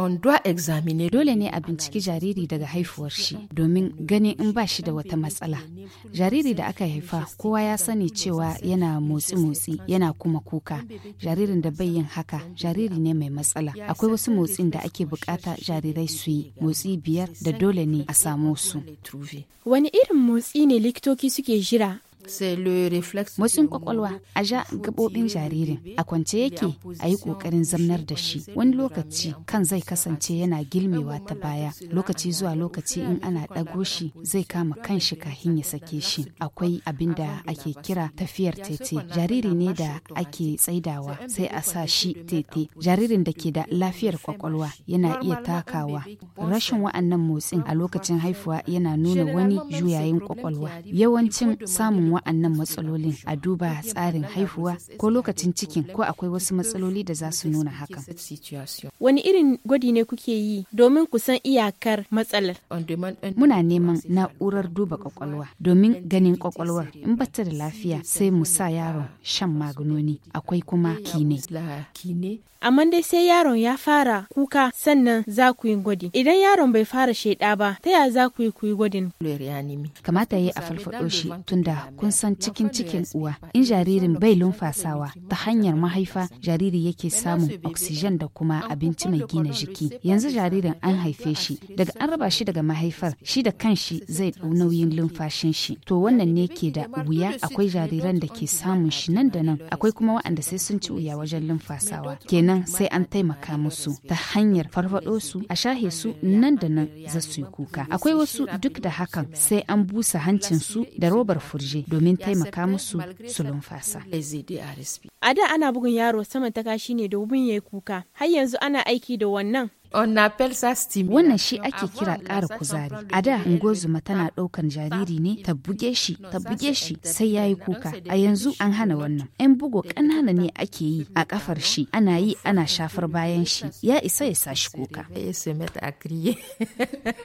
on doit examiner dole ne a binciki jariri daga haifuwar shi domin gani in ba shi da wata matsala jariri da aka haifa kowa ya sani cewa yana motsi motsi yana kuma kuka jaririn da bai yin haka jariri ne mai matsala akwai wasu motsin da ake bukata jarirai su yi motsi biyar da dole ne a samo su wani irin motsi ne likitoki suke jira Wasu kwakwalwa a ja gaɓoɓin jaririn a kwance yake a yi ƙoƙarin zamnar da shi wani lokaci kan zai kasance yana gilmewa ta baya lokaci zuwa lokaci in ana ɗago shi zai kama kan shi kahin ya sake shi akwai abin da ake kira tafiyar tete jariri ne da ake tsaidawa sai a sa shi tete jaririn da ke da lafiyar kwakwalwa yana iya takawa rashin wa'annan motsin a lokacin haifuwa yana nuna wani juyayin kwakwalwa yawancin samun wa'annan matsalolin a duba tsarin haihuwa ko lokacin cikin ko akwai wasu matsaloli da za su nuna hakan. Wani irin gwadi ne kuke yi domin ku san iyakar matsalar? Muna neman na'urar duba kwakwalwa domin ganin kwakwalwar in bata da lafiya sai mu sa yaron shan maganoni. akwai kuma kine. Amma dai sai yaron ya fara kuka sannan za ku yi gwadi. Idan yaron bai fara sheda ba ta ya za ku yi ku yi gwadin? Kamata ya yi a farfaɗo shi tunda kun kun san cikin cikin uwa in jaririn bai lumfasawa ta hanyar mahaifa jariri yake samun oxygen da kuma abinci mai gina jiki yanzu jaririn an haife shi daga an raba shi daga mahaifar shi da kanshi zai ɗau nauyin lumfashin shi to wannan ne ke da wuya akwai jariran da ke samun shi nan da nan akwai kuma waɗanda sai sun ci wuya wajen lumfasawa kenan sai an taimaka musu ta hanyar farfaɗo su a shahe su nan da nan za su yi kuka akwai wasu duk da hakan sai an busa hancin su da robar furje domin taimaka musu su lumfasa. A da ana bugun yaro saman ta kashi ne domin ya yi kuka, har yanzu ana aiki da wannan Wannan shi ake kira ƙara kuzari. A da ungozuma tana ah, ɗaukan jariri ne ta buge shi, ta buge shi sai ya yi kuka. A yanzu an hana wannan. 'Yan bugo ƙanana ne ake yi a ƙafar shi, ana yi ana shafar bayan shi, ya isa ya sa shi kuka.